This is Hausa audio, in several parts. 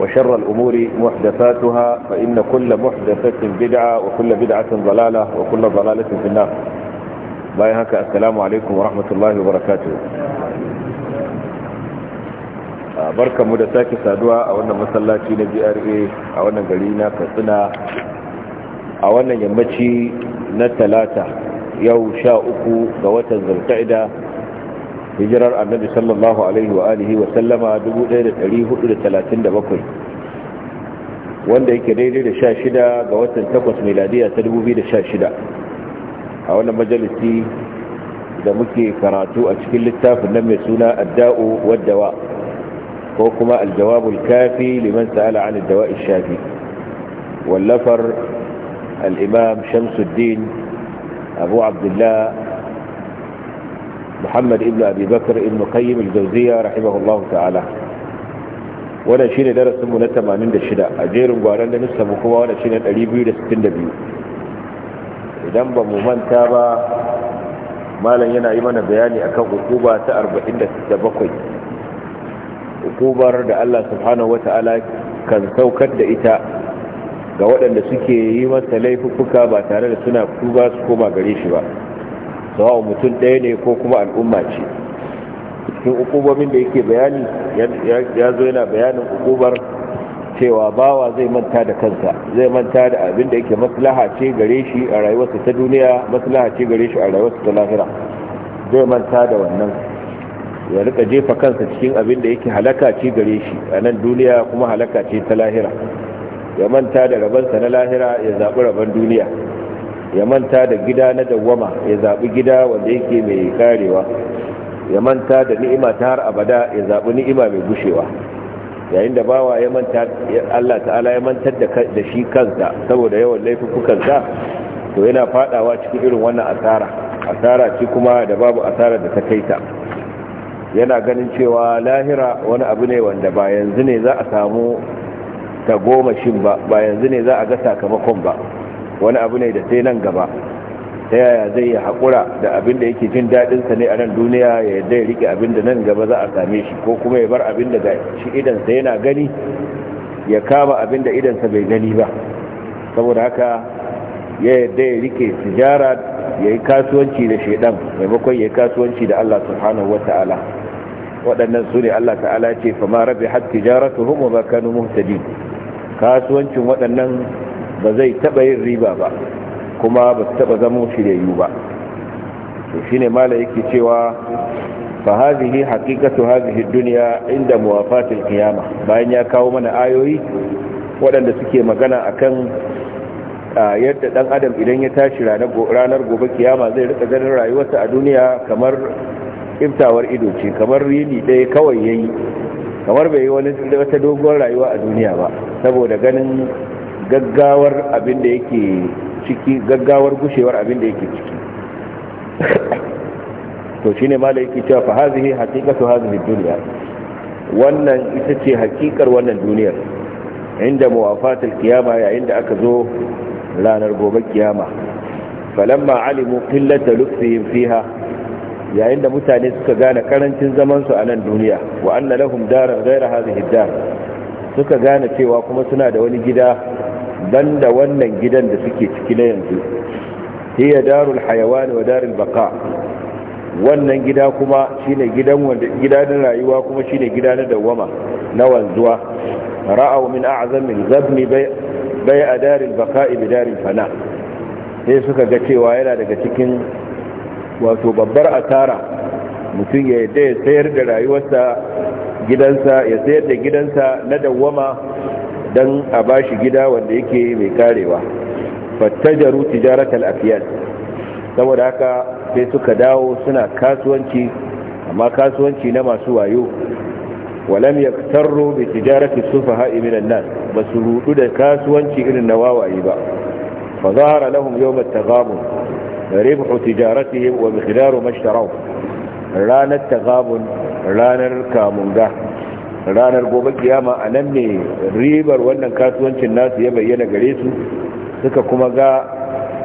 وشر الأمور محدثاتها فإن كل محدثة بدعة وكل بدعة ضلالة وكل ضلالة في النار بايهك السلام عليكم ورحمة الله وبركاته barkan mu da sake saduwa a wannan masallaci na GRA a wannan gari na Katsina a wannan yammaci na talata yau sha uku ga watan Zulqa'ida hijirar annabi sallallahu alaihi wa alihi wa sallama 1437 wanda yake daidai da 16 ga watan 8 miladiya ta 2016 a wannan majalisi da muke karatu a cikin littafin nan mai suna adda'u waddawa ko kuma aljawabul kafi liman sa'ala an addawa'i shafi wallafar al-imam shamsuddin abu abdullah muhammad ibn abi bakar ibn qayyim al-jawziya rahimahullahu ta'ala wannan shine darasin mu na 86 a jerin gwaran da nissa mu kuma wannan shine 262 idan ba mu manta ba malam yana yi mana bayani akan hukuma ta 47 hukumar da Allah subhanahu wata'ala kan saukar da ita ga waɗanda suke yi masa laifuka ba tare da suna tuba su koma gare shi ba sawa mutum ɗaya ne ko kuma al'umma ce cikin ukubomin da yake bayani ya zo yana bayanin ukubar cewa bawa zai manta da kansa zai manta da abin da yake maslaha ce gare shi a rayuwarsa ta duniya maslaha ce gare shi a rayuwarsa ta lahira zai manta da wannan ya rika jefa kansa cikin abin da yake halaka ce gare shi a nan duniya kuma halaka ce ta lahira ya manta da rabansa na lahira ya zaɓi rabon duniya ya manta da gida na dawwama ya zaɓi gida wanda yake mai karewa ya manta da ni'ima ta har abada ya zaɓi ni'ima mai gushewa yayin da bawa ya manta Allah ta'ala ya manta da shi kansa saboda yawan laifukansa to yana fadawa cikin irin wannan asara asara ce kuma da babu asara da ta kaita yana ganin cewa lahira wani abu ne wanda ba yanzu ne za a samu ta goma shin ba ba yanzu ne za a ga sakamakon ba wani abu ne da sai nan gaba ta yaya zai yi haƙura da abin da yake jin daɗinsa ne a nan duniya ya yadda ya riƙe abin da nan gaba za a same shi ko kuma ya bar abin da shi idansa yana gani ya kama abin da idansa bai gani ba saboda haka ya yadda ya riƙe tijara ya yi kasuwanci da shaidan maimakon ya yi kasuwanci da allah subhanahu wa ta'ala waɗannan su ne allah ta'ala ce fama rabi har tijaratu humu kanu muhtadi kasuwancin waɗannan ba zai taba yin riba ba kuma ba su taba zama shiryayyu ba to shine mala yake cewa fa hazihi haqiqatu hazihi dunya inda muwafatil kiyama bayan ya kawo mana ayoyi waɗanda suke magana a kan yadda dan adam idan ya tashi ranar gobe kiyama zai rika ganin rayuwarsa a duniya kamar iftawar ido ce kamar rini ɗaya kawai yayi kamar bai yi wani wata doguwar rayuwa a duniya ba saboda ganin gaggawar abin da yake ciki gaggawar gushewar abin da yake ciki to shine malai yake cewa fa hazihi haqiqatu hazihi dunya wannan ita ce haƙiƙar wannan duniyar inda muwafatul kiyama yayin da aka zo ranar gobe kiyama falamma alimu qillata lufihim fiha yayin da mutane suka gane karancin zaman su a nan duniya wa anna lahum daran ghayra hadhihi dar suka gane cewa kuma suna da wani gida banda wannan gidan da suke ciki na yanzu hiya darul hayawan wa darul baqa wannan gida kuma shine gidan wanda gidanin rayuwa kuma shine gida na dawama na wanzuwa ra'aw min a'zam min zabni bai a darul baqa bi darul fana sai suka ga cewa yana daga cikin wato babbar asara mutum ya yadda ya sayar da rayuwarsa gidansa ya sayar da gidansa na dawama don a ba shi gida wanda yake mai karewa fattajaru tijarat al saboda haka sai suka dawo suna kasuwanci amma kasuwanci na masu wayo walam yaktarru bi tijarati sufa min an-nas basu rudu da kasuwanci irin na wawaye ba fa zahara lahum yawm at-taghabun ribhu tijaratihim wa miqdaru mashtaraw ranar tagabun ranar kamunga ranar gobe kiyama a nan ne ribar wannan kasuwancin nasu ya bayyana gare su suka kuma ga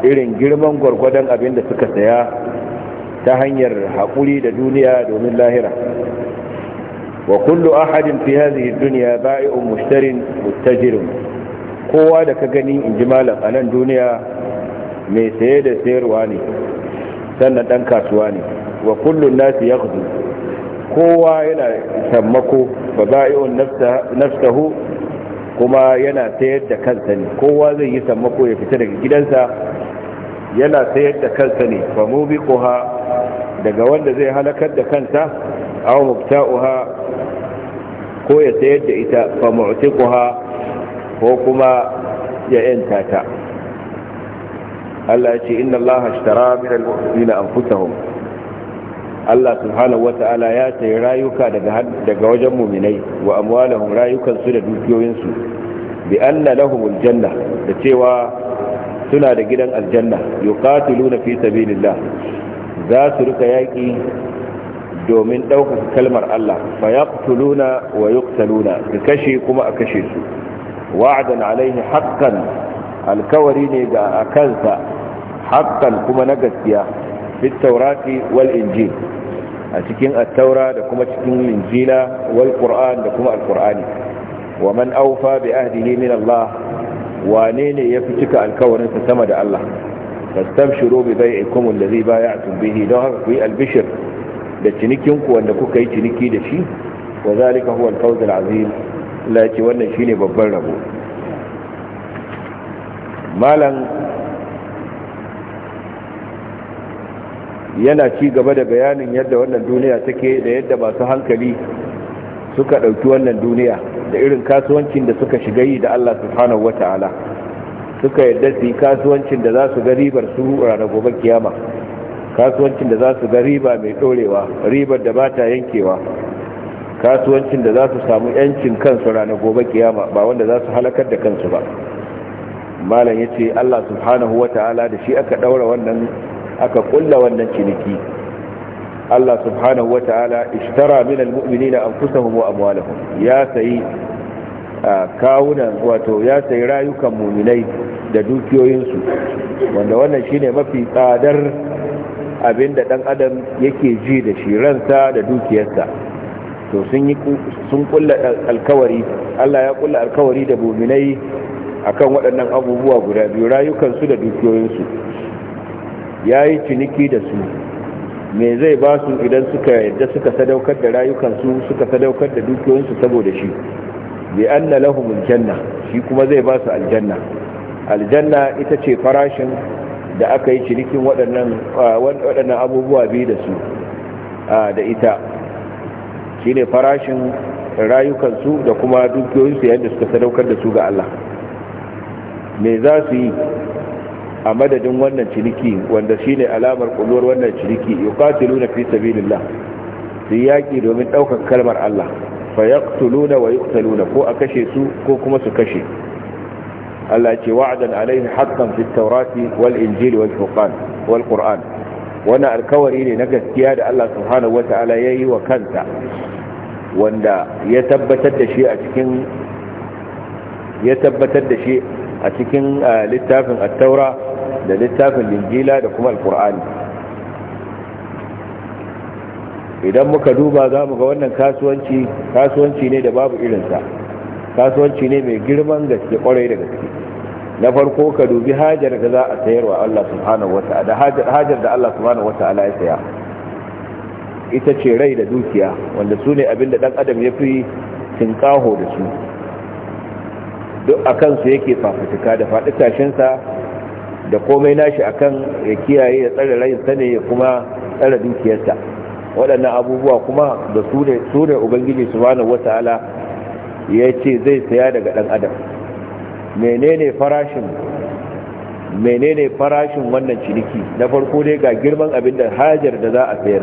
irin girman gwargwadon abin da suka saya ta hanyar haƙuri da duniya domin lahira wa kullu ahadin fi hadhihi dunya ba'i'un mushtarin muttajirun kowa da ka gani in ji malam a nan duniya mai saye da sayarwa ne sannan dan kasuwa ne wa kullu nasi yaghdhu kowa yana sammako ba ba'i'un nafsahu kuma yana sayar da kansa ne kowa zai yi sammako ya fita daga gidansa yana sayar da kansa ne fa mubiquha daga wanda zai halakar da kansa mukta uha ko ya sayar da ita ba fa mu'tiquha ko kuma ya yanta ta Allah ya ce inna Allah ashtara min al-mu'minina anfusahum Allah subhanahu wata'ala ya sayi rayuka daga wajen muminai wa amwalahum rayukan da dukiyoyinsu su bi anna lahumul janna da cewa suna da gidan aljanna yuqatiluna fi sabilillah za su rika yaki domin ɗaukaka kalmar Allah fa yaqtuluna wa yuqtaluna ka kashi kuma a kashe su wa'dan alaihi haqqan alkawari ne ga akansa haqqan kuma na gaskiya في التوراة والإنجيل a cikin attaura da kuma cikin linjila wal qur'an da kuma alqur'ani wa man awfa bi ahdihi min Allah wane ne ya fi cika alkawarin sa sama da Allah fastabshiru bi bai'ikum alladhi bay'atum bihi don haka ku yi albishir da cinikin ku wanda kuka yi ciniki da shi wa zalika huwa al-fawz al-azim wannan shine babban rabo malam yana ci gaba da bayanin yadda wannan duniya take da yadda masu hankali suka ɗauki wannan duniya da irin kasuwancin da suka shiga yi da Allah subhanahu wata'ala suka yadda su yi kasuwancin da za su ga ribar su ranar gobe kiyama kasuwancin da za su ga riba mai ɗorewa ribar da ba ta yankewa kasuwancin da za su samu yancin kansu ranar gobe kiyama ba wanda za su halakar da kansu ba malam ya ce Allah subhanahu wata'ala da shi aka ɗaura wannan aka kulla wannan ciniki Allah subhanahu wa ta'ala ishtara min almu'minina anfusahum wa ya sayi kawunan wato ya sayi rayukan mu'minai da dukiyoyinsu wanda wannan shine mafi tsadar abin da dan adam yake ji da shi ransa da dukiyarsa to sun kulla alkawari Allah ya kulla alkawari da mu'minai akan waɗannan abubuwa guda biyu rayukansu da dukiyoyinsu ya yi ciniki da su me zai ba su idan suka yadda suka sadaukar da rayukansu suka sadaukar da dukiyoyinsu saboda shi bi anna lahum aljanna shi kuma zai ba su aljanna aljanna ita ce farashin da aka yi cinikin waɗannan waɗannan abubuwa biyu da su da ita shine farashin rayukansu da kuma dukiyoyinsu yadda suka sadaukar da su ga Allah me za su yi a madadin wannan ciniki wanda shine alamar kulluwar wannan ciniki yuqatiluna fi sabilillah su yaki domin ɗaukar kalmar Allah fa yaqtuluna wa yuqtaluna ko a kashe su ko kuma su kashe Allah ce wa'adan alaihi haqqan fit tawrati wal injili wal furqan wal qur'an wannan alkawari ne na gaskiya da Allah subhanahu wata'ala yayi wa kanta wanda ya tabbatar da shi a cikin ya tabbatar da shi a cikin eh, littafin at-taura da littafin linjila da kuma alkur'ani idan muka duba za mu ga wannan kasuwanci kasuwanci ne da babu irinsa kasuwanci ne mai girman gaske kwarai da gaske na farko ka dubi hajar da za a sayarwa Allah subhanahu wata'ala hajar da Allah subhanahu wata'ala ya saya ita ce rai da dukiya wanda su ne abin da dan adam ya fi tinkaho da su duk a kansu yake fafutuka da faɗi tashinsa da komai nashi akan ya kiyaye ya tsare rayinsa ne ya kuma tsare dukiyarsa waɗannan abubuwa kuma da su ne ubangiji subhanahu wata'ala ya ce zai saya daga ɗan adam menene farashin menene farashin wannan ciniki na farko dai ga girman abin da hajar da za a sayar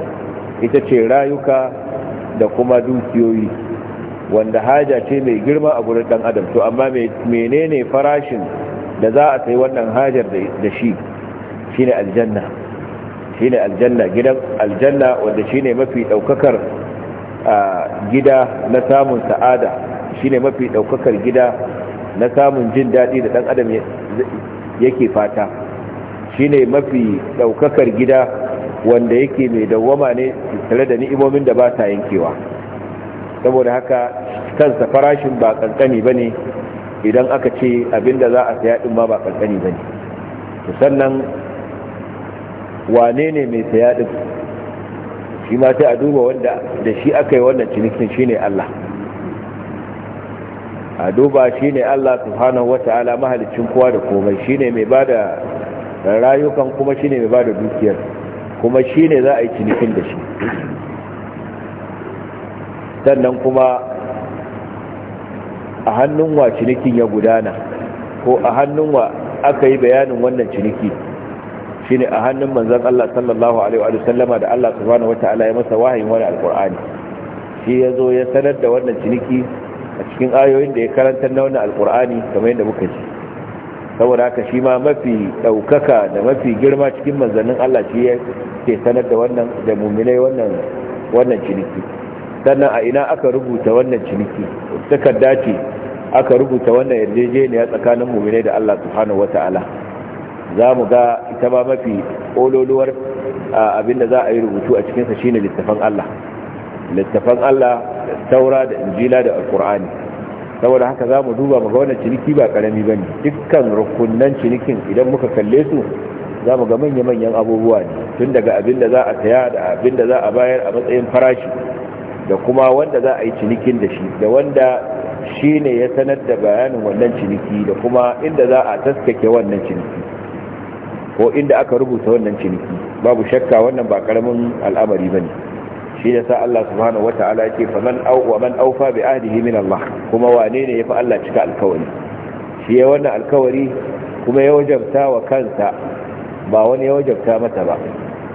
ita ce rayuka da kuma dukiyoyi wanda haja ce mai girma a gurin ɗan adam to amma menene farashin da za a kai wannan hajar da shi shine aljanna ne aljanna gidan aljanna wanda shine mafi daukakar gida na samun sa'ada shine mafi daukakar gida na samun jin daɗi da ɗan adam yake fata shine mafi daukakar gida wanda yake mai dawwama ne tare da ni'imomin da ba ta yankewa saboda haka kansa farashin ba kankani bane idan aka ce abinda za a saya din ma ba kankani bane to sannan wane ne mai saya din shi ma sai a duba wanda da shi aka yi wannan cinikin shine Allah a duba shine Allah subhanahu wataala mahalicin kowa da komai shine mai bada rayukan kuma shine mai bada dukiyar kuma shine za a yi cinikin da shi sannan kuma a hannun wa cinikin ya gudana ko a hannun wa aka yi bayanin wannan ciniki ne a hannun manzan Allah sallallahu alaihi wa sallama da Allah subhanahu Ta'ala ya masa wahayin wani alkur'ani shi ya zo ya sanar da wannan ciniki a cikin ayoyin da ya karanta na wani alkur'ani kamar yadda muka ji saboda haka shi ma mafi daukaka da mafi girma cikin manzannin Allah shi ya ke sanar da wannan da mu'minai wannan wannan ciniki sannan a ina aka rubuta wannan ciniki suka dace, aka rubuta wannan yarjejeniya tsakanin mummune da Allah subhanahu wata'ala za mu ga ita ba mafi ololuwar abinda za a yi rubutu a cikinsa shine littafan Allah littafan Allah taura da injila da alkur'ani saboda haka za mu duba muga wannan ciniki ba karami ba ne dukkan rukunan cinikin idan muka kalle su za mu ga manya-manyan abubuwa ne tun daga abin da za a saya da abinda za a bayar a matsayin farashi da kuma wanda za a yi cinikin da shi da wanda shi ne ya sanar da bayanin wannan ciniki da kuma inda za a taskake wannan ciniki ko inda aka rubuta wannan ciniki babu shakka wannan ba karamin al'amari ne. shi da sa Allah subhanahu wata'ala ke fa man aufa bi ahdihi min Allah kuma wane ne yafi Allah cika alkawari shi ya wannan alkawari kuma ya wajabta wa kansa ba wani ya wajabta mata ba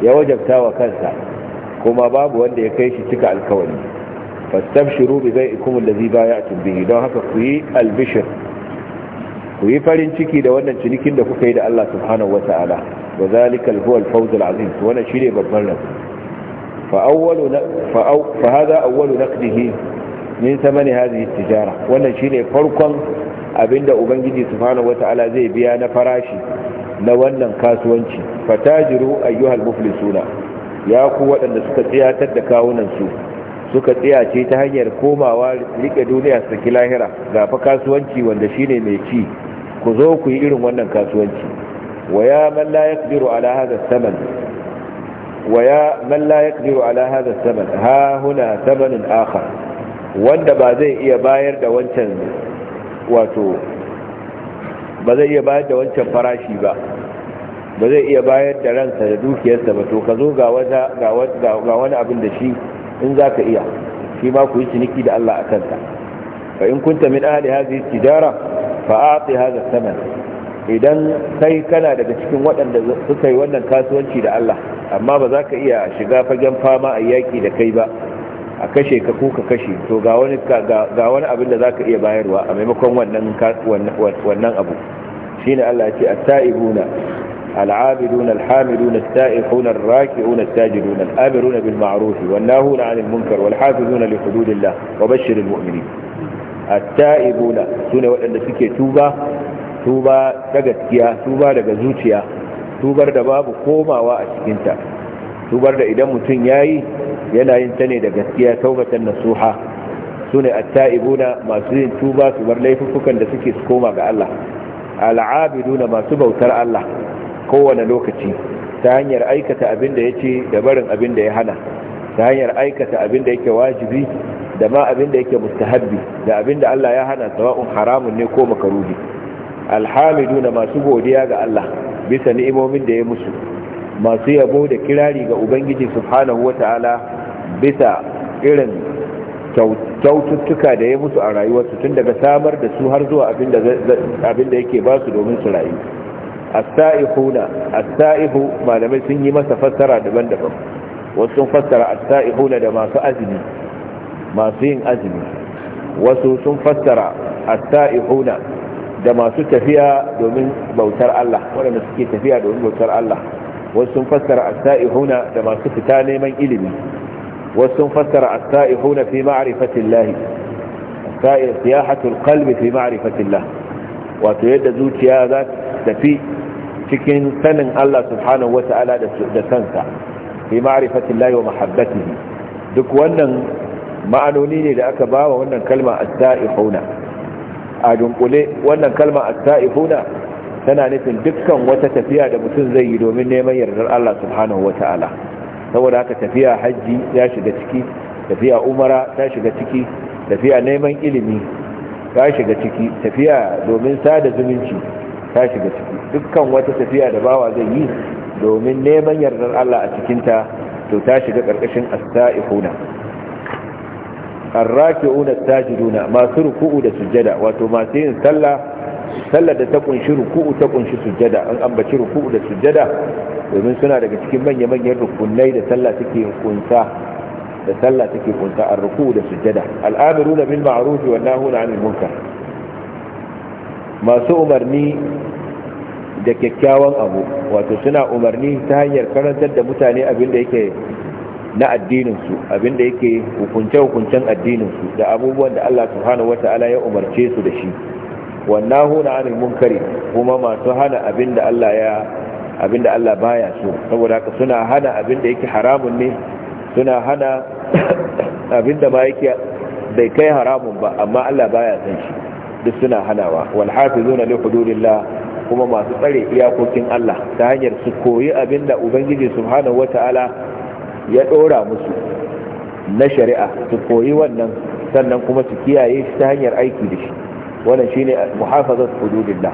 ya wajabta wa kansa kuma babu wanda ya kai shi cika alkawari fastabshiru bi bai'ikum allazi bay'atum bihi don haka ku yi albishir ku yi farin ciki da wannan cinikin da kuka yi da Allah subhanahu wata'ala wa zalika huwa al-fawz al-azim wannan shine babban rabo fa awwalu fa aw fa hada awwalu naqdihi min thamani hadhihi at-tijara wannan shine farkon abinda ubangiji subhanahu wata'ala zai biya na farashi na wannan kasuwanci fatajiru ayyuhal muflisuna ya ku waɗanda suka tsayatar da kawunansu suka tsiyace ta hanyar komawa rike duniya su saki lahira ga fa kasuwanci wanda shi ne mai ci ku zo ku yi irin wannan kasuwanci Waya ya man la yaqdiru ala hadha thaman ya man ala haza saman ha huna samanin akhar wanda ba zai iya bayar da wancan wato ba zai iya bayar da wancan farashi ba ba zai iya bayar da ransa da dukiyarsa ba to ka zo ga wani abin da shi in za ka iya shi ma ku yi ciniki da Allah a kanta fa in kunta min ahli hadhihi tijara fa a'ti hadha thaman idan kai kana daga cikin waɗanda suka yi wannan kasuwanci da Allah amma ba za ka iya shiga fagen fama a yaki da kai ba a kashe ka ko ka kashe to ga wani ga wani abin da za ka iya bayarwa a maimakon wannan wannan abu shine Allah ya ce at-taibuna العابدون الحامدون السائحون الراكعون الساجدون الآمرون بالمعروف والناهون عن المنكر والحافظون لحدود الله وبشر المؤمنين التائبون سنة وأن سكي توبة توبة تغتيا توبة لغزوتيا توبة دباب قوما وأسكنتا توبة لإدم تنياي yana yin ta ne da gaskiya taubatan nasuha su ne atta'ibuna masu yin tuba su bar laifukan da suke su koma ga Allah al'abiduna masu bautar Allah kowane lokaci ta hanyar aikata abin da ya ce da barin abin da ya hana ta hanyar aikata abin da yake wajibi da ma abin da yake mustahabbi da abin da Allah ya hana sawa'un haramun ne ko makaruhi na masu godiya ga Allah bisa ni'imomin da ya musu masu yabo da kirari ga ubangiji subhanahu wata'ala bisa irin kyaututtuka da ya musu a rayuwarsu tun daga samar da su har zuwa abin da yake ba su domin su rayu as-sa'ihuna as-sa'ihu malamai sun yi masa fassara daban-daban wasu sun fassara as-sa'ihuna da masu azumi masu yin azumi wasu sun fassara as-sa'ihuna da masu tafiya domin bautar Allah waɗanda suke tafiya domin bautar Allah wasu sun fassara as-sa'ihuna da masu fita neman ilimi wasu sun fassara as-sa'ihuna fi ma'rifatillah as-sa'ihu siyahatul qalbi fi ma'rifatillah wato yadda zuciya za ta tafi cikin sanin Allah subhanahu ta'ala da kansa fi ma'rifatillahi wa mahabbatihi duk wannan ma'anoni ne da aka bawa wannan kalma as-sa'ihuna a dunkule wannan kalma as-sa'ihuna tana nufin dukkan wata tafiya da mutum zai yi domin neman yardar Allah subhanahu ta'ala. saboda haka tafiya hajji ya shiga ciki tafiya umara ta shiga ciki tafiya neman ilimi ta shiga ciki tafiya domin sada zumunci ta shiga ciki dukkan wata tafiya da bawa zai yi domin neman yardar Allah a cikinta to ta shiga ƙarƙashin asta'ihuna arraki'una sajiduna masu ruku'u da sujjada wato masu yin sallah sallar da ta kunshi ruku'u ta kunshi sujjada an ambaci ruku'u da sujjada domin suna daga cikin manya-manyan rukunai da sallah take kunsa da sallah take kunsa ar-ruku'u da sujjada al'amiruna bil ma'ruf wa nahuna 'anil munkar masu umarni da kyakkyawan abu wato suna umarni ta hanyar karantar da mutane abinda yake na addininsu abinda yake hukunce-hukuncen addininsu da abubuwan da Allah subhanahu wata'ala ya umarce su da shi wannan huna anil munkari kuma masu hana abinda Allah ya abinda Allah baya so saboda haka suna hana abinda yake haramun ne suna hana abinda ba yake bai kai haramun ba amma Allah baya san shi duk suna hanawa wal hafizuna li hududillah kuma masu tsare iyakokin Allah ta hanyar su koyi abinda ubangiji subhanahu wataala ya dora musu na shari'a su koyi wannan sannan kuma su kiyaye shi ta hanyar aiki da shi wannan shine muhafazat hududillah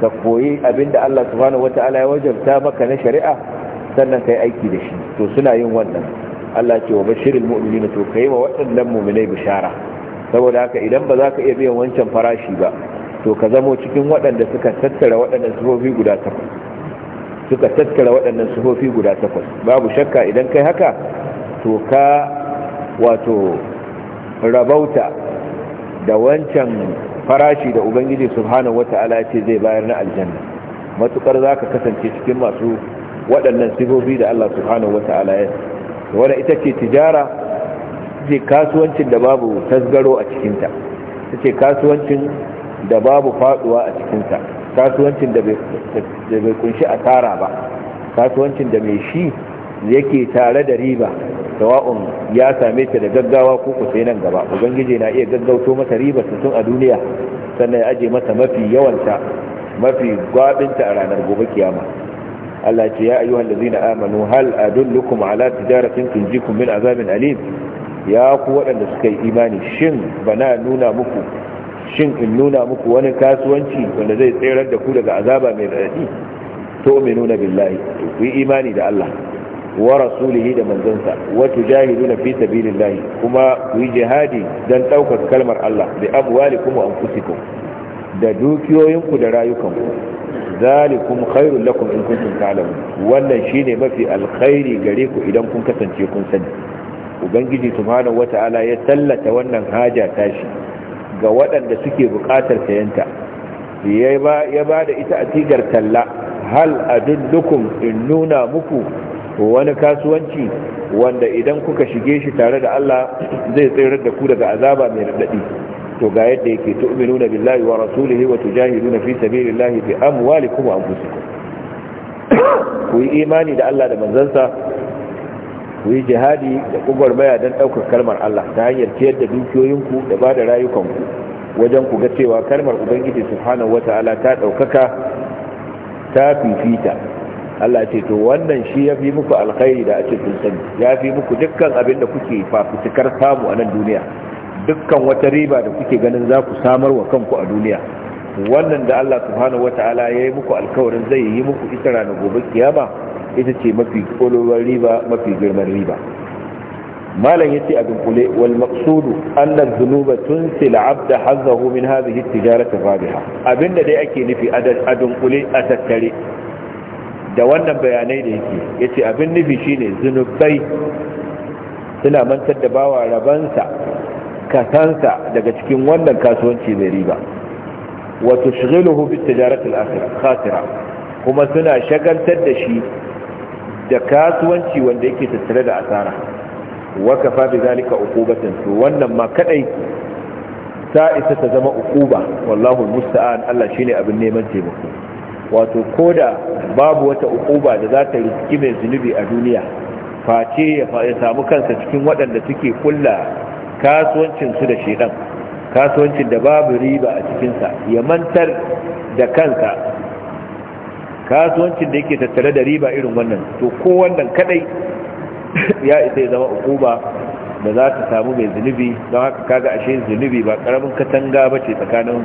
ka koyi abinda Allah subhanahu wataala ya wajabta maka na shari'a sannan kai aiki da shi to suna yin wannan Allah ce wa bashirul mu'minina to kai wa waɗannan mu'minai bishara saboda haka idan ba za ka iya biyan wancan farashi ba to ka zamo cikin waɗanda suka tattara waɗannan sufofi guda takwas suka tattara waɗannan sufofi guda takwas babu shakka idan kai haka to ka wato rabauta da wancan farashi da ubangiji subhanahu wata'ala ce zai bayar na aljanna matukar za ka kasance cikin masu waɗannan sifofi da allah subhanahu wata'ala ya wadda ita ce tijara ce kasuwancin da babu tasgaro a cikinta ta ce kasuwancin da babu faduwa a cikinta kasuwancin da bai kunshi a tara ba kasuwancin da mai shi yake tare da riba tawa'un ya same ta da gaggawa ko ku nan gaba ubangiji na iya gaggauto masa riba tun a duniya sannan ya aje masa mafi yawanta mafi gwabinta a ranar gobe kiyama Allah ce ya ayyuhal ladzina amanu hal adullukum ala tijaratin tunjikum min azabin alim ya ku waɗanda suka yi imani shin bana nuna muku shin in nuna muku wani kasuwanci wanda zai tserar da ku daga azaba mai raɗaɗi to mai nuna billahi to ku yi imani da Allah wa rasulihi da manzansa wa tujahiduna fi sabilillahi kuma ku yi jihadi dan ɗaukar kalmar Allah bi amwalikum wa anfusikum da dukiyoyinku da rayukanku zalikum khairul lakum in kuntum ta'lamun wannan shine mafi alkhairi gare ku idan kun kasance kun sani ubangiji subhanahu wata'ala ya tallata wannan haja tashi ga waɗanda suke buƙatar sayanta ya ba da ita a tigar talla hal dukkan, in nuna muku wani kasuwanci wanda idan kuka shige shi tare da Allah zai tsirar da ku daga azaba mai radadi to ga yadda yake tu'minuna billahi wa rasulihi wa tujahiduna fi sabilillahi bi amwalikum wa anfusikum ku yi imani da Allah da manzansa ku yi jihadi da maya don ɗaukar kalmar Allah ta hanyar ciyar da dukiyoyinku da ba da rayukanku wajen ku ga cewa kalmar ubangiji subhanahu wata'ala ta ɗaukaka ta fifita Allah ce to wannan shi ya fi muku alkhairi da a kun sani ya fi muku dukkan abin da kuke fafutukar samu a nan duniya dukkan wata riba da kuke ganin za ku samar wa kanku a duniya wannan da Allah subhanahu wata'ala ya yi muku alkawarin zai yi muku ita ranar gobe kiyama ita ce mafi kolowar riba mafi girman riba malam yace a dunkule wal maqsudu anna dhunuba tunsil abd hazzahu min hadhihi at-tijarat ar-rabiha abinda dai ake nufi a dunkule a tattare da wannan bayanai da yake yace abin nufi shine zunubai suna mantar da bawa rabansa kasansa daga cikin wannan kasuwanci mai riba wa tushghiluhu bit tijarat al-akhirah khasira kuma suna shagaltar da shi da kasuwanci wanda yake tattare da asara waka fa bi zalika uqubatan to wannan ma kadai ta isa ta zama uquba wallahu musta'an Allah shine abin neman taimako wato koda babu wata uquba da za ta riski mai zunubi a duniya face ya samu kansa cikin waɗanda suke kulla kasuwancin su da shedan kasuwancin da babu riba a cikinsa ya mantar da kansa kasuwancin da yake tattare da riba irin wannan to ko wannan kadai ya isa ya zama ukuba da za ta samu mai zunubi don haka kaga ashe zunubi ba karamin katanga ba ce tsakanin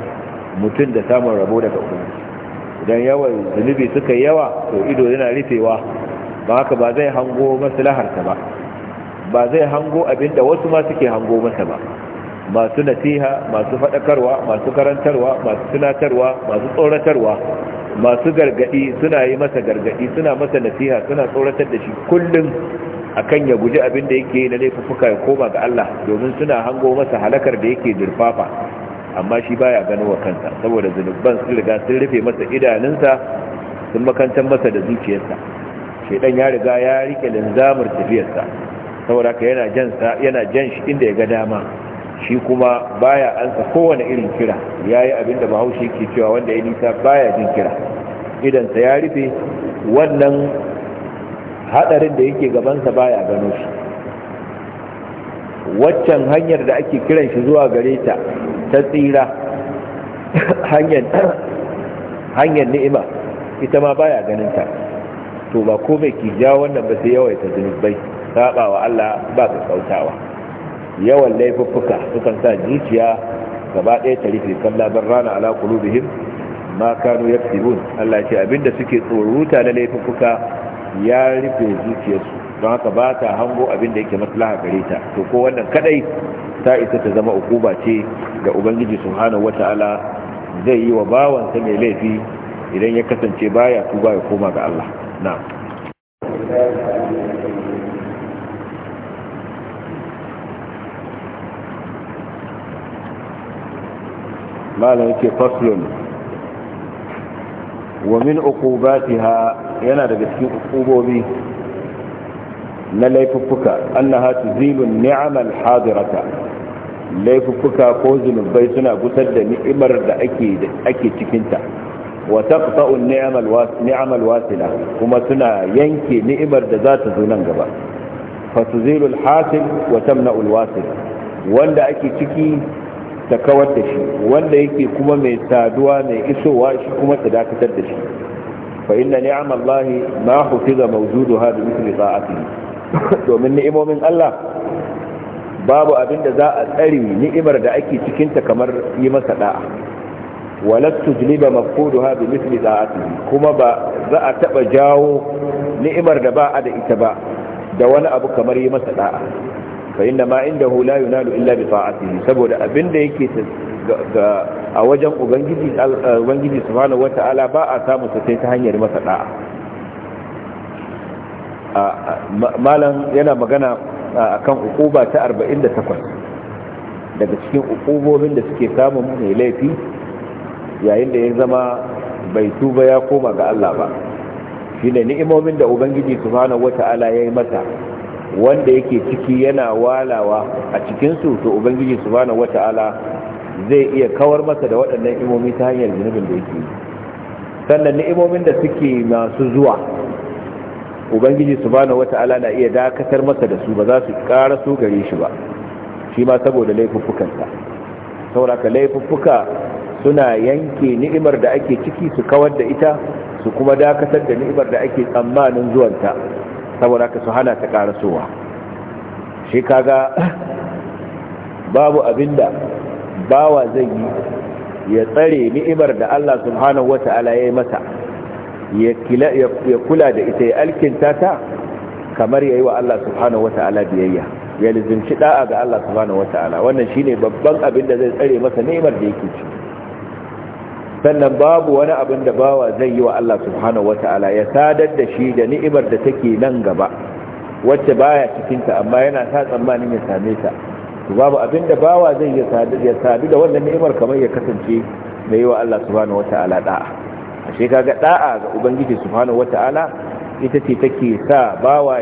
mutum da samun rabo daga ukuba idan yawan zunubi suka yawa to ido yana rufewa ba haka ba zai hango masu maslaharta ba ba zai hango abinda wasu ma suke hango masa ba masu nasiha masu faɗakarwa masu karantarwa masu tunatarwa masu tsoratarwa masu gargadi suna yi masa gargaɗi. suna masa nasiha suna tsoratar da shi kullum akan ya guji abin da yake na laifuka ya koma ga Allah domin suna hango masa halakar da yake durfafa. amma shi baya gano wa kansa saboda zunuban sun riga sun rufe masa idanunsa sun makantar masa da zuciyarsa shedan ya riga ya rike linzamar tafiyarsa saboda ka yana jansa yana jan shi inda ya ga dama shi kuma baya ansa kowane irin kira yayi abinda bahaushe ke cewa wanda ya nisa baya jin kira idan sa ya rufe wannan hadarin da yake gabansa baya gano shi waccan hanyar da ake kiran shi zuwa gare ta ta tsira hanyar hanyar ni'ima ita ma baya ganin ta to ba komai ki ja wannan ba sai yawaita zunubai saba Allah ba ka kautawa yawan laifuffuka sukan sa zuciya gaba ɗaya ta rufe kalla ban rana ala kulubihim ma kanu yaktibun Allah ya ce abinda suke tsoruta na laifuffuka ya rufe zuciyarsu don haka ba ta hango abinda yake maslaha gare ta to ko wannan kadai ta isa ta zama ukuba ce ga ubangiji subhanahu wataala zai yi wa bawansa mai laifi idan ya kasance baya tuba ya koma ga Allah na'am malam yake faslun wa min uqubatiha yana daga cikin uqubobi na laifuffuka annaha tuzilu ni'amal hadirata laifuffuka ko zunubai suna gusar da ni'imar da ake ake cikin ta wa taqta'u ni'amal wasila kuma suna yanke ni'imar da za ta zo nan gaba fa tuzilu al-hasil wa tamna'u al-wasil wanda ake ciki ta kawar da shi wanda yake kuma mai saduwa mai isowa shi kuma ta dakatar da shi fa inna ni'amallahi ma hufiza mawjuduha bi mithli ta'atihi domin ni'imomin Allah babu abin da za a tsare ni'imar da ake cikin ta kamar yi masa da'a walat tujliba mafquduha bi mithli ta'atihi kuma ba za a taba jawo ni'imar da ba a da ita ba da wani abu kamar yi masa da'a fa inda ma indahu la yunalu illa bi ta'atihi saboda abinda yake a wajen ubangiji ubangiji subhanahu wata'ala ba a samu sosai sai ta hanyar masa da'a malam yana magana akan ukuba ta 48 daga cikin ukubobin da suke samun mai laifi yayin da ya zama bai tuba ya koma ga Allah ba shine ni'imomin da ubangiji subhanahu wata'ala yayi mata. wanda yake ciki yana walawa a cikinsu to ubangiji subhanahu wata'ala zai iya kawar masa da waɗannan imomi ta hanyar zunubin da yake sannan ni'imomin da suke masu zuwa ubangiji subhanahu wata'ala na iya dakatar masa da su ba za su ƙara su gare shi ba shi ma saboda laifuffukansa sauraka laifuffuka suna yanke ni'imar da ake ciki su kawar da ita su kuma dakatar da ni'imar da ake tsammanin zuwanta saboda ka su hana ta karasowa shi kaga babu abinda bawa zai yi ya tsare ni'imar da Allah subhanahu wata'ala ya yi masa ya kula da ita ya alkinta ta kamar ya yi wa Allah subhanahu wata'ala biyayya ya lizinci da'a ga Allah subhanahu wata'ala wannan shine babban abinda zai tsare masa ni'imar da yake ciki sannan babu wani abin da bawa zai yi wa Allah subhanahu wata'ala ya sadar da shi da ni'imar da take nan gaba wacce baya cikinta amma yana sa tsammanin ya same ta to babu abin da bawa zai yi ya sadu da wannan ni'imar kamar ya kasance mai yi wa Allah subhanahu wata'ala da'a ashe ga da'a ga ubangiji subhanahu wata'ala ita ce take sa bawa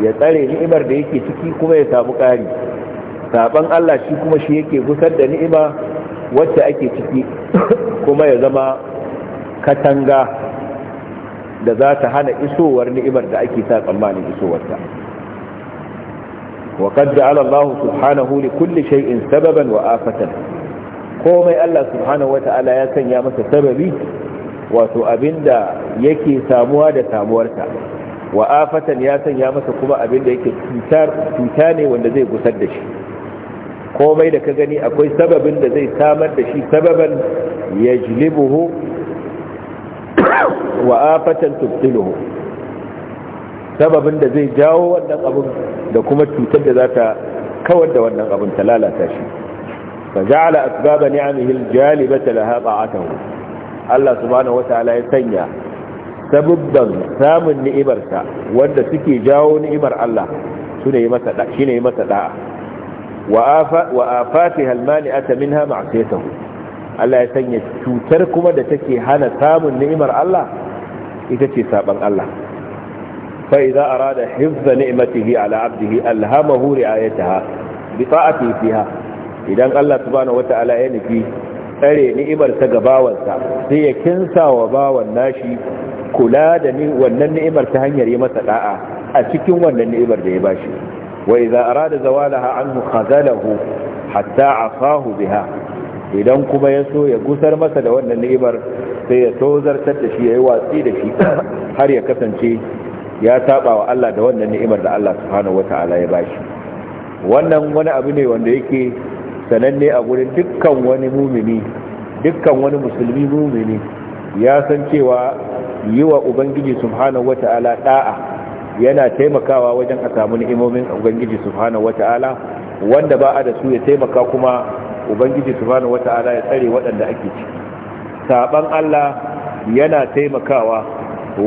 ya tsare ni'imar da yake ciki kuma ya samu ƙari saban Allah shi kuma shi yake gusar da ni'ima wacce ake ciki kuma ya zama katanga da za ta hana isowar ni'imar da ake sa tsammanin isowarta wa qad ja'ala Allah subhanahu li kulli shay'in sababan wa afatan komai Allah subhanahu ta'ala ya sanya masa sababi wato abinda yake samuwa da samuwarta wa afatan ya sanya masa kuma abinda yake cuta ne wanda zai gusar da shi komai da ka gani akwai sababin da zai samar da shi sababan ya jilibuhu wa afatan tubtiluhu sababin da zai jawo wannan abin da kuma cutar da za ta kawar da wannan abin ta lalata shi fa ja'ala asbaba ni'amihi al-jalibata laha ta'atuhu Allah subhanahu wata'ala ya sanya sababban samun ni'imarsa wanda suke jawo ni'imar Allah sune yi masa da'a wa afatiha almani'ata minha ma'siyatahu Allah ya sanya cutar kuma da take hana samun ni'imar Allah ita ce saban Allah fa idza arada hifza ni'matihi ala 'abdihi alhamahu ri'ayataha bi ta'ati fiha idan Allah subhanahu wata'ala ya nufi tsare ni'imar ta ga bawansa sai ya kinsa wa bawan nashi kula da wannan ni'imar ta hanyar yi masa da'a a cikin wannan ni'imar da ya bashi وإذا أراد زوالها عنه خذله حتى عصاه بها idan kuma ya so ya gusar masa da wannan ni'imar sai ya tozartar da shi ya yi watsi da shi har ya kasance ya saba wa Allah da wannan ni'imar da Allah subhanahu wata'ala ya bashi wannan wani abu ne wanda yake sananne a gurin dukkan wani mumini dukkan wani musulmi mumini ya san cewa yi wa ubangiji subhanahu wata'ala da'a yana taimakawa wajen a samu ni'imomin ubangiji subhanahu wata'ala wanda ba a da su ya taimaka kuma ubangiji subhanahu wata'ala ya tsare waɗanda ake ci. saban Allah yana taimakawa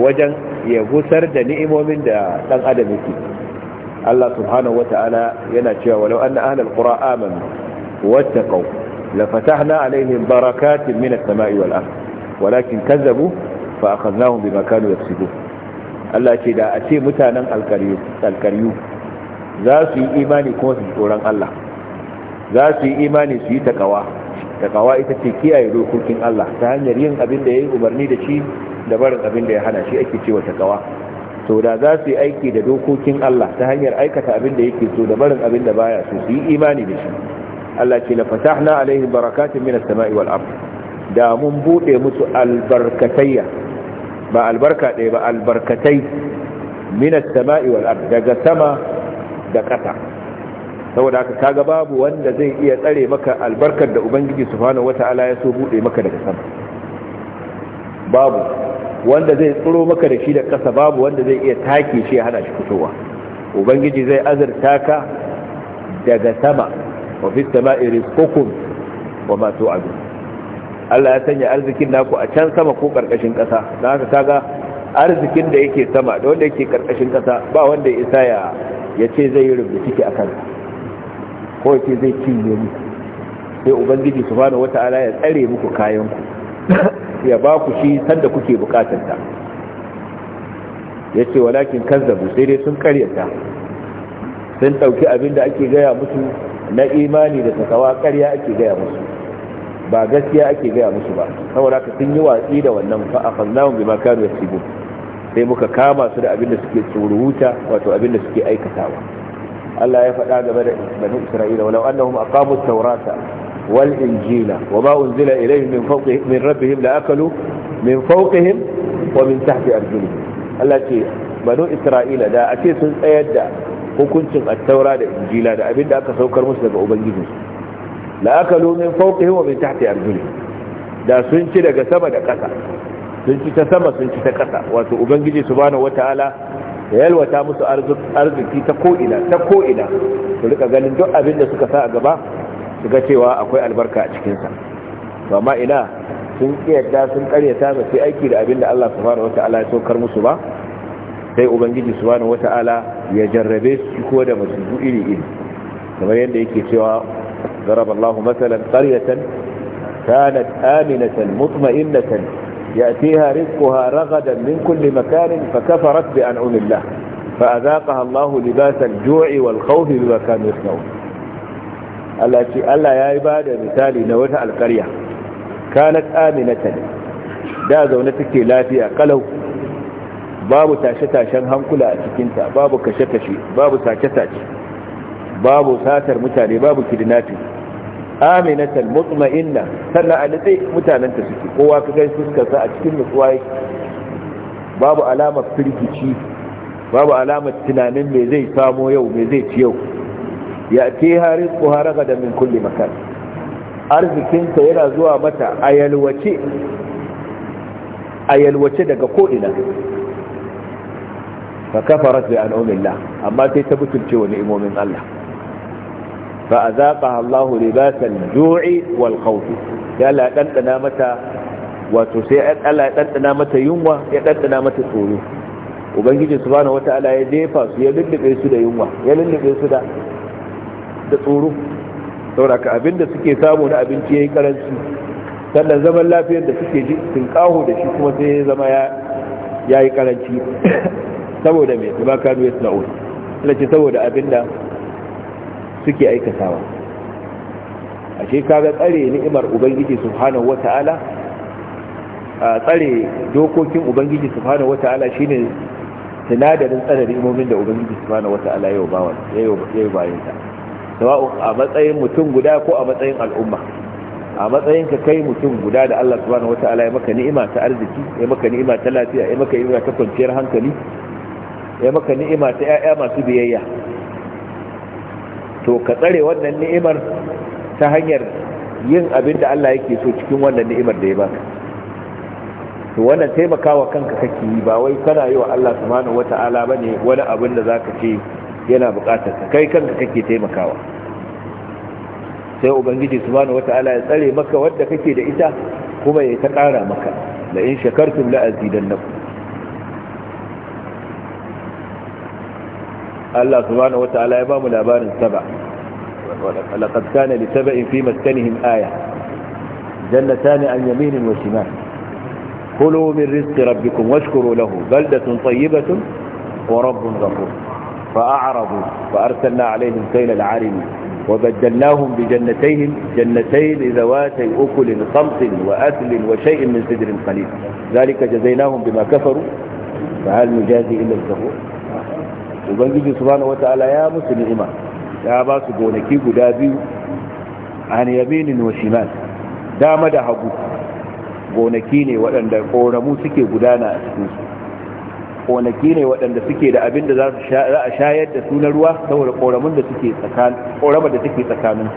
wajen ya gusar da ni'imomin da dan adam yake Allah subhanahu wata'ala yana cewa walau anna ahlal qura amanu wattaqu lafatahna alaihim barakatin minas sama'i wal ard walakin kazzabu fa akhadnahum bima kanu yaksibun Allah ce da a ce mutanen alkaryu za su yi imani kuma su tsoron Allah za su yi imani su yi takawa takawa ita ce kiyaye dokokin Allah ta hanyar yin abin da ya yi umarni da shi da barin abin da ya hana shi ake cewa takawa to da za su yi aiki da dokokin Allah ta hanyar aikata abin da yake so da barin abin da baya so su yi imani da shi Allah ce la fatahna alaihim barakatun minas sama'i wal ard da mun bude musu albarkatayya ba albarka ɗaya ba albarkatai minas sama'i wal daga sama da ƙasa saboda haka kaga babu wanda zai iya tsare maka albarkar da ubangiji subhanahu wata'ala ya so buɗe maka daga sama babu wanda zai tsoro maka da shi da ƙasa babu wanda zai iya take shi ya hana shi fitowa ubangiji zai azurta ka daga sama wa fi sama'i rizqukum wa ma tu'adun Allah ya sanya arzikin naku a can sama ko karkashin kasa don haka kaga arzikin da yake sama da wanda yake karkashin kasa ba wanda ya isa ya ya ce zai yi rubutu ciki a ko ya ce zai cinye mu sai ubangiji subhanahu wata'ala ya tsare muku kayanku. ya ba ku shi sanda kuke bukatar ta yace walakin kazzabu sai dai sun karyata sun ɗauki abin da ake gaya musu na imani da takawa karya ake gaya musu ba gaskiya ake gaya musu ba saboda ka sun yi watsi da wannan fa a akhadnahum bima kanu yasibun sai muka kama su da abinda suke tsuruta wato abinda suke aikatawa Allah ya faɗa game da banu Isra'ila walau annahum aqamu at-taurata wal injila wa wama unzila ilayhim min fawqihim min rabbihim la akalu min fawqihim wa min tahti arjulihim Allah ce banu Isra'ila da a ce sun tsayar da hukuncin at-taura da injila da abinda aka saukar musu daga ubangijinsu la akalu min fawqihi wa min tahti arjulihi da sun ci daga sama da ƙasa sun ci ta sama sun ci ta ƙasa wato ubangiji subhanahu wataala ya yalwata musu arziki ta ko'ina ta ko'ina su rika ganin duk abin da suka sa a gaba su ga cewa akwai albarka a cikinsa amma ina sun kiyarta sun karyata ba sai aiki da abin da Allah subhanahu wata'ala ya saukar musu ba sai ubangiji subhanahu wata'ala ya jarrabe su ko da masu iri iri kamar yadda yake cewa ضرب الله مثلا قرية كانت آمنة مطمئنة يأتيها رزقها رغدا من كل مكان فكفرت بأنعم الله فأذاقها الله لباس الجوع والخوف بما كانوا يصنعون ألا يا عبادة مثالي نوتها القرية كانت آمنة da zaune take lafiya kalau babu tashe-tashen hankula a cikinta babu kashe-kashe babu sace-sace babu satar mutane babu kidnapping aminatan mutma'inna sannan a nutse mutanen ta suke kowa ka suka sa a cikin nutsuwa babu alamar firgici babu alamar tunanin me zai samo yau me zai ci yau ya ce harin kuharaga da min kulli makan ta yana zuwa mata a yalwace a yalwace daga ko'ina fa kafarat bi an'umillah amma sai ta butulce wani imomin Allah fa azaqaha Allahu libasal ju'i wal khawf ya la dandana mata wato sai Allah ya dandana mata yunwa ya ɗanɗana mata tsoro ubangiji subhanahu wataala ya jefa su ya lullube su da yunwa ya lullube su da da tsoro sauraka abinda suke samu na abinci yayi karanci sannan zaman lafiyar da suke ji sun kaho da shi kuma sai ya zama ya yi karanci saboda me zama kanu ya sana'o ce saboda abinda suke aikatawa ashe kaga tsare ni'imar ubangiji subhanahu wata'ala a tsare dokokin ubangiji subhanahu wata'ala shine sinadarin tsare ni'imomin da ubangiji subhanahu wata'ala yau bawa yau yau ta sawa'u a matsayin mutum guda ko a matsayin al'umma a matsayin ka kai mutum guda da Allah subhanahu wata'ala ya maka ni'ima ta arziki ya maka ni'ima ta lafiya ya maka ni'ima ta kwanciyar hankali ya maka ni'ima ta ƴaƴa masu biyayya to ka tsare wannan ni'imar ta hanyar yin abin da Allah yake so cikin wannan ni'imar da ya baka to wannan taimakawa kanka kake yi ba wai kana yi wa Allah subhanahu wata'ala bane wani abin da zaka ce yana bukatar ka kai kanka kake taimakawa sai ubangiji subhanahu wata'ala ya tsare maka wanda kake da ita kuma ya ta kara maka la in shakartum la azidannakum Allah subhanahu wata'ala ya ba mu labarin saba laqad kana li sab'in fi maskanihim aya jannatan an yaminin wa shimal kulu min rizqi rabbikum washkuru lahu baldatun tayyibatun wa rabbun ghafur فأعرضوا فأرسلنا عليهم كيل العارم وبدلناهم بجنتين جنتين ذواتي أكل خمط وأثل وشيء من سدر قليل ذلك جزيناهم بما كفروا فهل نجازي إلا الكفور ubangiji subhanahu wataala ya musu ni'ima ya ba su gonaki guda biyu an yaminin wa shimal dama da hagu gonaki ne waɗanda ƙoramu suke gudana a cikinsu gonaki ne waɗanda suke da abin da za a shayar da su ruwa saboda ƙoramun da suke tsakanin da suke tsakanin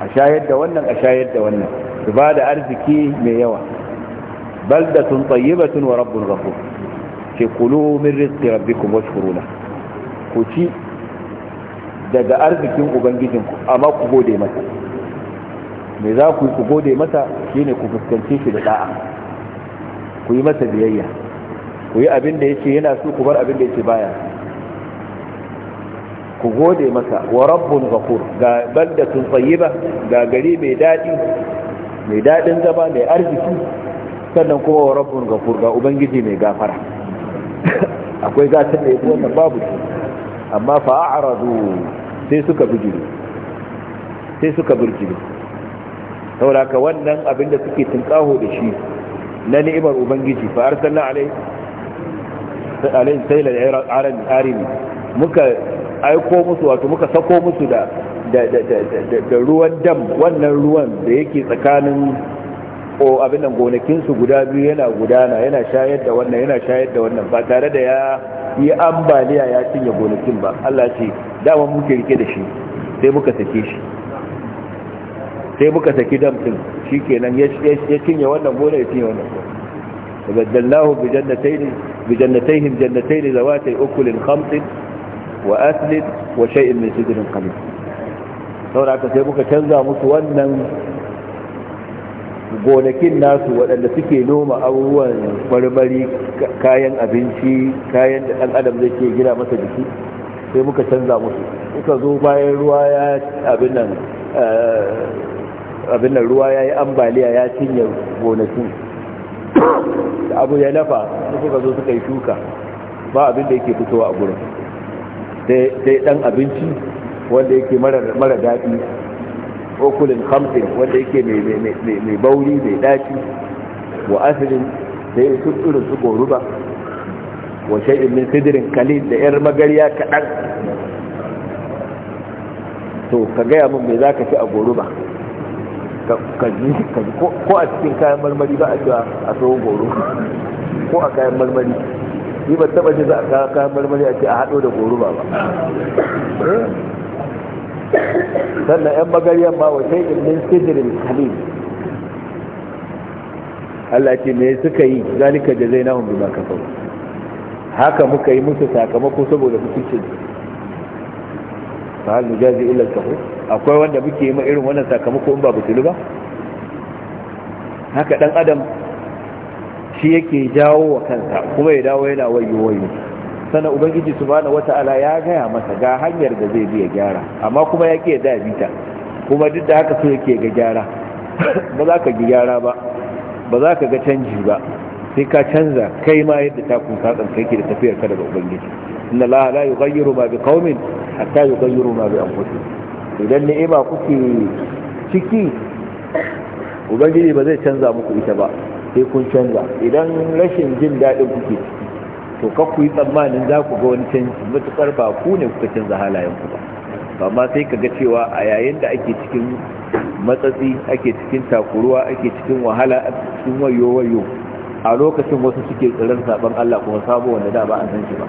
a shayar da wannan a shayar da wannan su ba da arziki mai yawa Bal da baldatun tsayyibatun wa rabbun ghafur ce kulu min rizqi rabbikum washkuru la ku ci daga arzikin ubangijinku amma ku gode masa me za ku ku gode masa shine ku fuskance shi da da'a ku yi masa biyayya ku yi abin da yake yana so ku bar abin da yake baya ku gode masa wa rabbun ghafur ga baldatun tayyiba ga gari mai dadi mai dadin zama mai arziki sannan kuma wa rabbun ghafur ga ubangiji mai gafara akwai gasar da ya fi wannan babu shi amma fa'a'aradu sai suka bijiro sai suka birjiro saboda ka wannan abin da suke tunkaho da shi na ni'imar ubangiji fa arsalna alai alai sailal aran arimi muka aiko musu wato muka sako musu da da da da ruwan dam wannan ruwan da yake tsakanin ko abin nan gonakinsu guda biyu yana gudana yana shayar da wannan yana shayar da wannan ba tare da ya yi ambaliya ya cinye gonakin ba Allah ce dama muke rike da shi sai muka sake shi sai muka saki dam din shikenan ya cinye wannan gona ya cinye wannan gona jannatayhim jannatayn zawati جنتين khamt wa خمط wa shay'in min sidrin قليل saboda aka sai muka canza musu wannan gonakin nasu waɗanda suke noma abubuwan marmari kayan abinci kayan da ɗan adam zai ke gina masa jiki sai muka canza musu suka zo bayan ruwa ya eh, abin nan ruwa ya yi ambaliya ya cinye gonakin abu ya nafa suka zo suka yi shuka ba abin da yake fitowa a gurin sai ɗan abinci wanda yake mara daɗi okulin kamfin wanda yake mai bauri mai daci wa asirin da ya su irin su goruba wa shaidin min sidirin kalil da yar magariya kaɗan to ka gaya min mai za ka ci a goruba ko a cikin kayan marmari ba a cewa a tsawo goruba ko a kayan marmari ni ba taba ce za a kayan marmari a ce a haɗo da goruba ba eh? sannan yan magaryan ma wa sai min sidrin halim Allah ce me suka yi zalika jazainahum bima kafaru haka muka yi musu sakamako saboda hukuncin fa hal nujazi illa al akwai wanda muke yi ma irin wannan sakamako in ba butulu ba haka dan adam shi yake jawo wa kansa kuma ya dawo yana wayo wayo sana ubangiji subhanahu wata'ala ya gaya masa ga hanyar da zai bi ya gyara amma kuma ya ke da bita kuma duk da haka so yake ga gyara ba za ka ga gyara ba ba za ka ga canji ba sai ka canza kai ma yadda takun ka kai ke da tafiyar ka daga ubangiji inna la la yughayyiru ma bi qaumin hatta yughayyiru ma bi anfusihim idan ne ni'ima kuke ciki ubangiji ba zai canza muku ita ba sai kun canza idan rashin jin dadin kuke ciki to ka ku yi tsammanin za ku ga wani canji matuƙar ba ku ne kuka canza halayenku ba amma sai ka ga cewa a yayin da ake cikin matsatsi ake cikin takuruwa ake cikin wahala ake cikin wayo-wayo a lokacin wasu suke tsirar saban Allah kuma sabo wanda da ba a san shi ba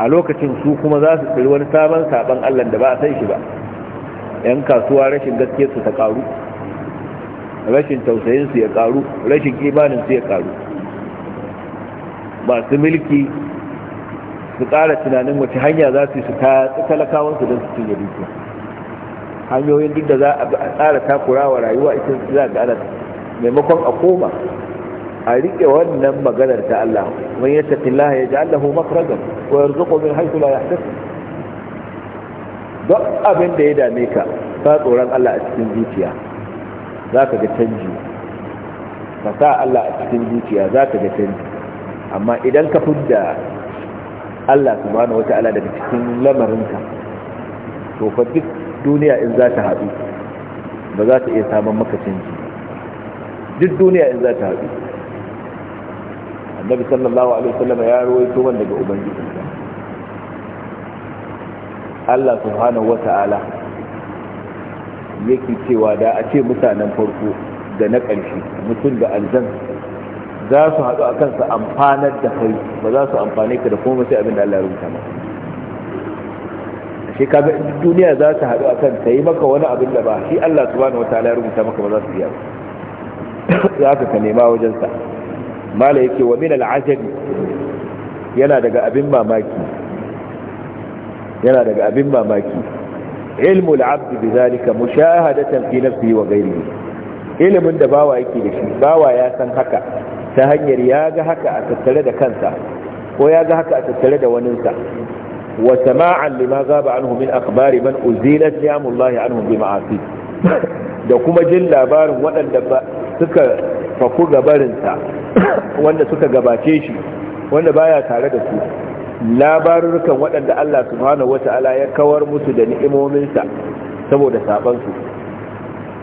a lokacin su kuma za su tsiri wani sabon saban Allah da ba a san shi ba yan kasuwa rashin gaske su ta karu rashin tausayin su ya karu rashin imanin su ya karu masu milki su ƙara tunanin wace hanya za su yi su don su cinye dukiya hanyoyin duk da za a tsara takurawa rayuwa ita za ga ana maimakon a koma a riƙe wannan maganar ta Allah wani ya tafi Allah ya ji Allah makaragan wa yarzuqu min haythu la yahtasib Don abin da ya dame ka ka tsoron Allah a cikin zuciya za ka ga canji ka sa Allah a cikin zuciya za ka ga canji amma idan ka fudda Allah subhanahu wata'ala daga cikin lamarinka to fa duk duniya in za ta haɗu ba za ta iya samun maka canji duk duniya in za ta haɗu annabi sallallahu alaihi wasallam ya rawaito wanda ga ubangiji Allah subhanahu wata'ala yake cewa da a ce mutanen farko da na ƙarshe mutum da aljanna za su haɗu a kansa amfanar da kai ba za su amfane ka da kuma sai abin da Allah ya rubuta ba. maka sai kaga duniya za ta haɗu a kan ta yi maka wani abin da ba shi Allah subhanahu wataala ya rubuta maka ba za su iya ba za ka nema wajensa mala yake wa min al'ajabi yana daga abin mamaki yana daga abin mamaki ilmu al'abdi bi zalika mushahadatan fi nafsihi wa ghayrihi ilimin da bawa yake da shi bawa ya san haka ta hanyar ya ga haka a tattare da kansa ko ya ga haka a tattare da waninsa wa sama'an lima gaba anhu min akhbari man uzilat ni'amullahi anhu bi ma'asi da kuma jin labarin waɗanda suka faku gabarinsa wanda suka gabace shi wanda baya tare da su labarurukan waɗanda Allah subhanahu wata'ala ya kawar musu da ni'imominsa saboda sabansu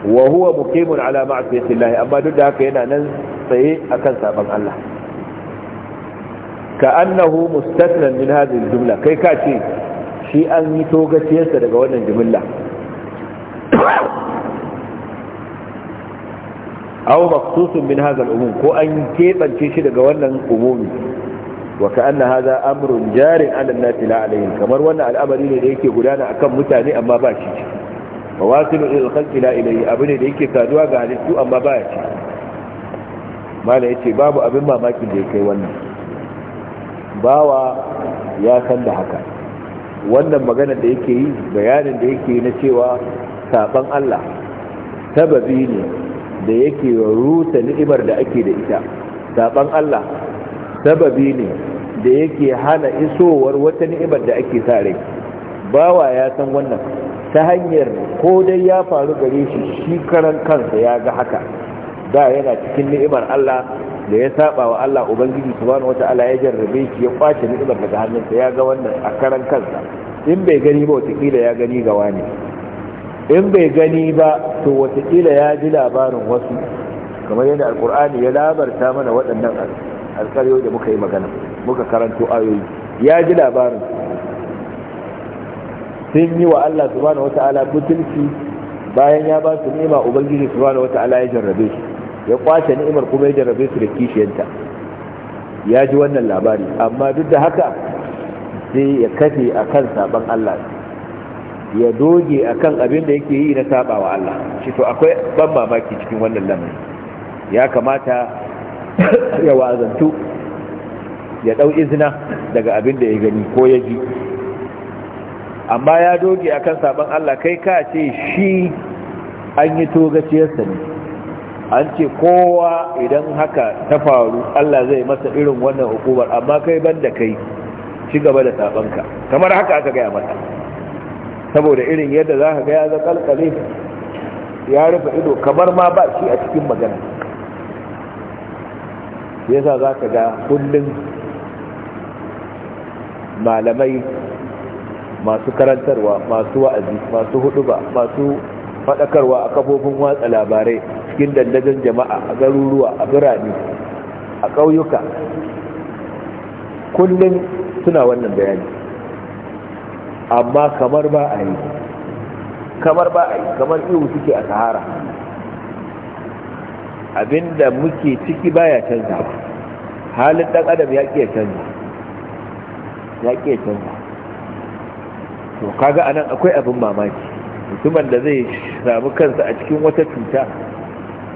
wa huwa muqimun ala ma'siyati amma duk da haka yana nan tsaye a kan sabon Allah ka annahu mustatnan min hadhihi jumla kai ka ce shi an yi togaciyarsa daga wannan jumla aw maqsusun min hadha al-umum ko an kebance shi daga wannan umumi wa ka'anna hadha amrun jarin 'ala an-nasi la alayhim kamar wannan al'amari ne da yake gudana akan mutane amma ba shi wa wasilu ila al-khalqi la ilayhi abu ne da yake saduwa ga halittu amma ba shi ya yace babu abin mamaki da ya kai wannan bawa ya san da haka wannan magana da yake yi bayanin da yake yi na cewa saban Allah sababi ne da yake rusa ni'imar da ake da ita saban Allah sababi ne da yake hana isowar wata ni'imar da ake sa bawa ya san wannan ta hanyar ko dai ya faru gare shi shi karan kansa ya ga haka da yana cikin ni'imar Allah da ya saba wa Allah ubangiji subhanahu wataala ya jarrabe shi ya kwace ni'imar daga hannunsa ya ga wannan a karan kansa in bai gani ba watakila ya gani gawa ne, in bai gani ba to watakila ya ji labarin wasu kamar yadda alkur'ani ya labarta mana waɗannan alƙaryo da muka yi magana muka karanto ayoyi ya ji labarin sun yi wa Allah subhanahu wata'ala butulci bayan ya ba su nema ubangiji subhanahu wata'ala ya jarrabe shi ya kwace ni'imar kuma ya jarrabe su da kishiyanta ya ji wannan labari amma duk da haka sai ya kafe a kan saban Allah ya doge a kan abin da yake yi na saba wa Allah shi to akwai ban mamaki cikin wannan lamari ya kamata ya wazantu, ya ɗau izina daga abin da ya gani ko ya ji amma ya doge a kan saban Allah kai ka ce shi an yi togaciyarsa ne an ce kowa idan haka ta faru Allah zai masa irin wannan hukumar amma kai banda kai ci gaba da sabanka kamar haka aka gaya mata saboda irin yadda za ka gaya za kalkale ya rufe ido kamar ma ba shi a cikin magana yasa za ka ga kullum malamai masu karantarwa masu wa'azi masu huduba masu faɗakarwa a kafofin watsa labarai cikin dandazon jama'a a garuruwa a birane a ƙauyuka kullum suna wannan bayani amma kamar ba a yi kamar ba a yi kamar iwu suke a sahara abinda muke ciki baya canza halin ɗan adam ya ke canza ya ke canza to kaga anan akwai abin mamaki mutumin da zai samu kansa a cikin wata cuta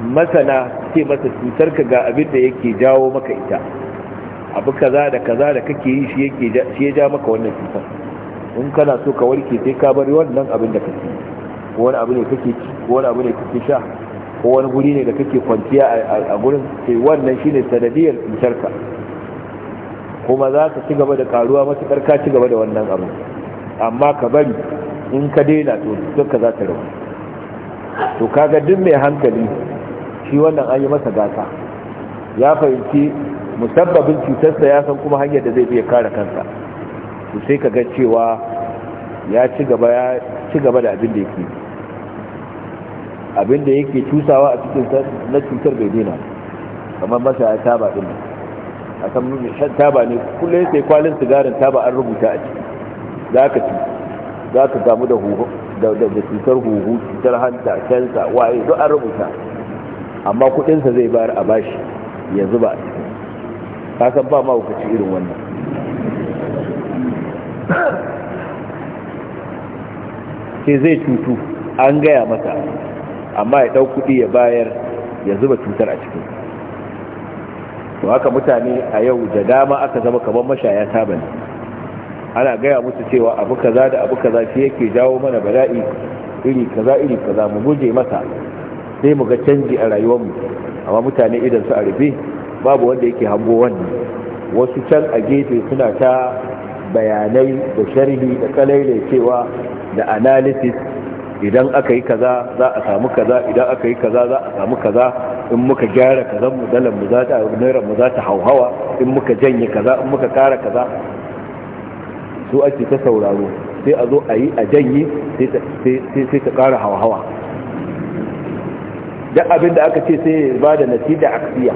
masana ce masa cutar ka ga abin da yake jawo maka ita abu kaza da kaza da kake yi shi yake shi ya ja maka wannan cutar in kana so ka warke sai ka bari wannan abin da kake ko wani abu ne kake ci ko wani abu ne kake sha ko wani guri ne da kake kwanciya a gurin sai wannan shine sanadiyar cutar ka kuma za ka ci gaba da karuwa matuƙar ka ci gaba da wannan abu amma ka bari in ka daina to duka za ta rabu to kaga duk mai hankali shi wannan an yi masa gata ya fahimci musabbabin cutarsa ya san kuma hanyar da zai iya kare kansa to sai ka ga cewa ya ci gaba ya ci gaba da abin da yake abin da yake cusawa a cikin na cutar bai dina kamar masa ya taba din a san shan taba ne kullum sai kwalin sigarin taba an rubuta a ciki za ka ci za ka gamu da cutar huhu cutar hanta cansa waye duk an rubuta amma kudinsa zai bayar a bashi ya zuba a cikin ba ma hukaci irin wannan sai zai cutu an gaya mata amma ya dau kudi ya bayar ya zuba cutar a cikin to haka mutane a yau da dama aka zama kamar mashaya tabani ana gaya musu cewa abu kaza da abu kaza shi yake jawo mana bala'i iri kaza iri kaza mu guje masa sai mu ga canji a rayuwarmu amma mutane idan su a rufe babu wanda yake hango wannan wasu can a gefe suna ta bayanai da sharhi da kalaile cewa da analysis idan aka yi kaza za a samu kaza idan aka yi kaza za a samu kaza in muka gyara kaza mu dalan mu za ta naira mu za ta hauhawa in muka janye kaza in muka kara kaza su ake ta sauraro sai a zo a yi a janye sai ta kara hauhawa duk abin da aka ce sai ya ba da nasida aksiya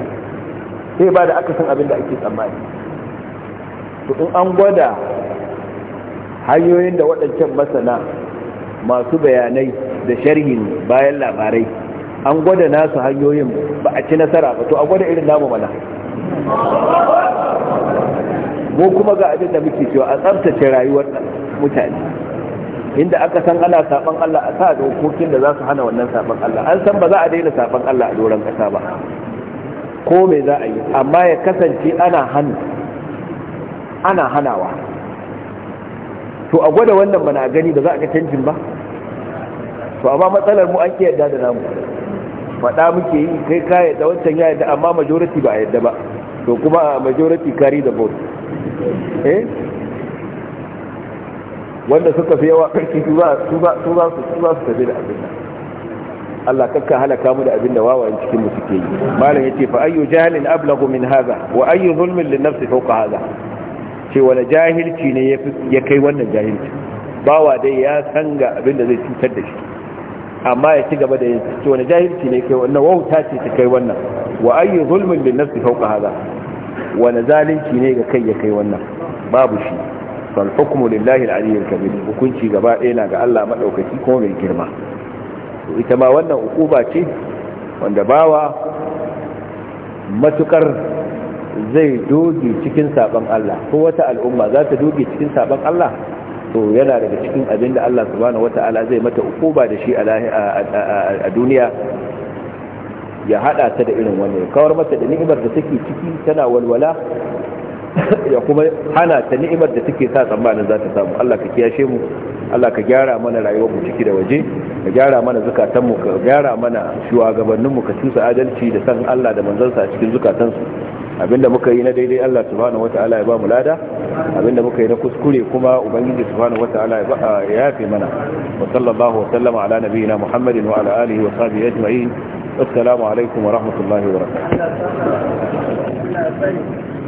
sai ba da akasin abin da ake tsammani to in an gwada hanyoyin da waɗancan masana masu bayanai da sharhin bayan labarai an gwada nasu hanyoyin ba a ci nasara ba to a gwada irin namu mana mu kuma ga abin da muke cewa a tsabtace rayuwar mutane inda aka san ana saban Allah a sa dokokin da za su hana wannan saban Allah an san ba za a daina saban Allah a doron kasa ba ko me za a yi amma ya kasance ana hannu ana hanawa to a gwada wannan bana a gani ba za a ga canjin ba to amma matsalar mu an ke yadda da namu faɗa muke yi kai ka yadda wancan ya yadda amma majority ba a yadda ba to kuma majority carry the vote eh wanda suka fi yawa karki su za su tafi da abin nan Allah kakka halaka mu da abin da wawayen cikin mu suke yi malam yace fa ayyu jahlin ablagu min hadha wa ayyu zulmin lin nafsi fawqa hadha ce wala jahilci ne ya kai wannan jahilci bawa dai ya san ga abin da zai cutar da shi amma ya ci gaba da yin ce wani jahilci ne kai wannan wauta ce ta kai wannan wa ayyu zulmin lin nafsi fawqa hadha wani zalunci ne ga kai ya kai wannan babu shi fal hukmu lillahi al-aliyyil hukunci gaba ɗaya na ga Allah madaukaki kuma mai girma ita ma wannan ukuba ce wanda bawa matukar zai doge cikin sabon Allah ko wata al'umma za ta doge cikin sabon Allah to yana daga cikin abin da Allah subhanahu wata'ala zai mata ukuba da shi a duniya ya hada ta da irin wannan kawar mata da ni'imar da take ciki tana walwala ya kuma hana ta ni'imar da take sa tsammanin za ta samu Allah ka kiyashe mu Allah ka gyara mana rayuwar mu ciki da waje ka gyara mana zukatan mu ka gyara mana shugabannin mu ka cusa adalci da san Allah da manzansa a cikin zukatan su abinda muka yi na daidai Allah subhanahu wata'ala ya ba mu lada abinda muka yi na kuskure kuma ubangiji subhanahu wata'ala ya yafe mana wa sallallahu wa sallama ala nabiyyina muhammadin wa ala alihi wa sahbihi ajma'in assalamu alaikum wa rahmatullahi wa barakatuh